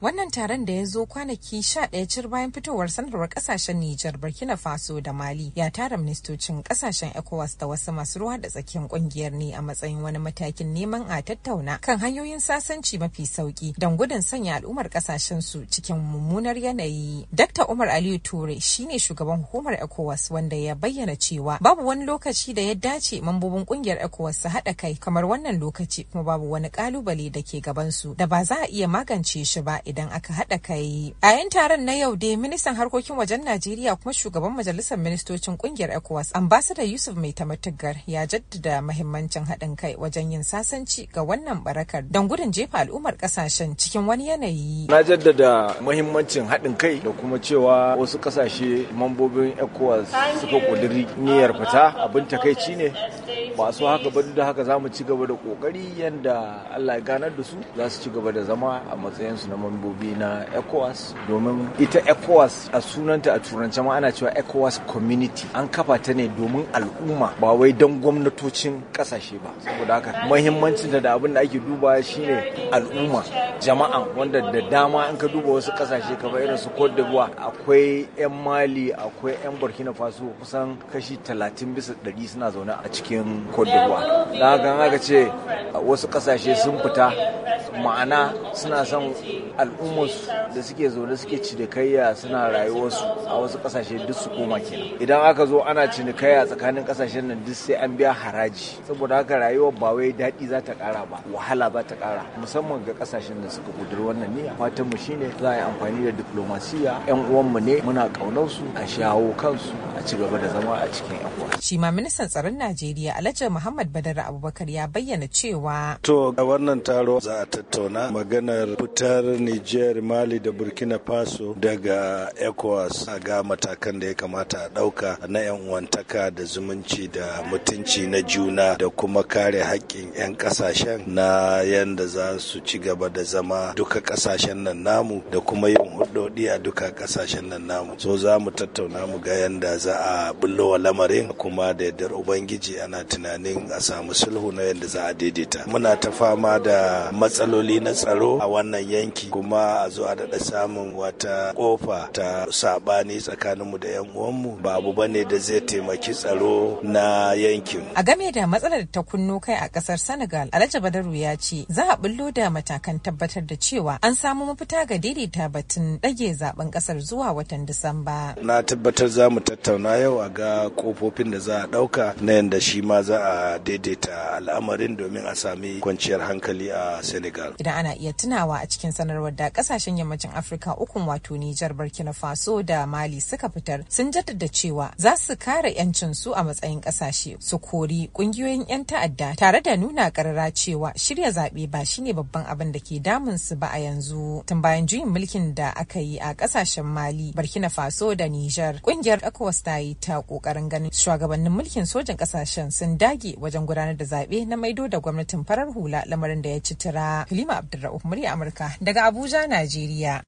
Wannan taron da ya zo kwanaki sha ɗaya cir bayan fitowar sanarwar ƙasashen Nijar, Burkina Faso da Mali ya tara ministocin ƙasashen ECOWAS da wasu masu ruwa da tsakiyar ƙungiyar ne a matsayin wani matakin neman a tattauna kan hanyoyin sasanci mafi sauki don gudun sanya al'ummar ƙasashen su cikin mummunar yanayi. Dr. Umar Aliyu Ture shi ne shugaban hukumar ECOWAS wanda ya bayyana cewa babu wani lokaci da ya dace mambobin ƙungiyar ECOWAS su haɗa kai kamar wannan lokaci kuma babu wani ƙalubale da ke gaban su da ba za a iya magance shi ba idan aka haɗa kai. A yan taron na yau dai ministan harkokin wajen Najeriya kuma shugaban majalisar ministocin kungiyar ECOWAS ambasada Yusuf Mai Tamatigar ya jaddada mahimmancin haɗin kai wajen yin sasanci ga wannan barakar don gudun jefa al'ummar kasashen cikin wani yanayi. Na jaddada mahimmancin haɗin kai da kuma cewa wasu kasashe mambobin ECOWAS suka ƙudiri niyyar fita abin takaici ne masu haka ba da haka za mu ci gaba da ƙoƙari yadda Allah ya ganar da su za su ci gaba da zama a matsayinsu na membobi na ECOWAS domin ita ECOWAS a sunanta a turance ma ana cewa ECOWAS community an kafa ta ne domin al'umma ba wai don gwamnatocin kasashe ba saboda haka muhimmancin da abin da ake duba shine al'umma jama'a wanda da dama an ka duba wasu kasashe kamar irin su Cote d'Ivoire akwai 'yan Mali akwai 'yan Burkina Faso kusan kashi 30 bisa 100 suna zaune a cikin Cote d'Ivoire. Da haka ce wasu kasashe sun fita ma'ana suna son al'ummarsu da suke zo da suke cinikayya suna rayuwarsu a wasu kasashe duk su koma kenan idan aka zo ana cinikayya tsakanin kasashen nan duk sai an biya haraji saboda haka rayuwar ba wai daɗi za ta ƙara ba wahala ba ta ƙara musamman ga kasashen da suka kudur wannan ne fatan mu shine za a yi amfani da diplomasiya yan mu ne muna kaunarsu su a shawo kansu a ci gaba da zama a cikin yan uwa shi ma ministan tsaron Najeriya Alhaji Muhammad Badar Abubakar ya bayyana cewa to a wannan taro za a tattauna maganar fitar Nijar, Mali da Burkina Faso daga ECOWAS ga matakan da ya kamata a ɗauka na 'yan uwantaka da zumunci da mutunci na juna da kuma kare hakkin 'yan ƙasashen na yadda za su ci gaba da zama duka ƙasashen nan namu da kuma yin hudodi a duka ƙasashen nan namu. So za mu tattauna mu ga yadda za a bullowa lamarin kuma da yadda Ubangiji ana tunanin a samu sulhu na yadda za a daidaita. Muna ta fama da matsalolin matsaloli na tsaro a wannan yanki kuma a zo a daɗa samun wata kofa ta saɓani tsakaninmu da 'yan uwanmu ba abu bane da zai taimaki tsaro na yankin. A game da matsalar ta kunno kai a ƙasar Senegal, Alhaji Badaru ya ce za a bullo da matakan tabbatar da cewa an samu mafita ga daidaita batun ɗage zaben ƙasar zuwa watan Disamba. Na tabbatar za mu tattauna yau a ga kofofin da za a ɗauka na yanda shi ma za a daidaita al'amarin domin a sami kwanciyar hankali a Senegal. Idan ana iya tunawa a cikin sanarwar da kasashen yammacin Afirka ukun wato Nijar, Burkina Faso da Mali suka fitar sun jaddada cewa za su kare 'yancin su a matsayin kasashe su kori kungiyoyin 'yan ta'adda tare da nuna karara cewa shirya zaɓe ba shine babban abin da ke damun su ba a yanzu. Tun bayan juyin mulkin da aka yi a kasashen Mali, Burkina Faso da Nijar, kungiyar ECOWAS ta yi ta kokarin ganin shugabannin mulkin sojan kasashen sun dage wajen gudanar da zaɓe na maido da gwamnatin farar hula lamarin da ya ci tira. Halima Abdulra'uf murya Amurka daga Abuja, Najeriya.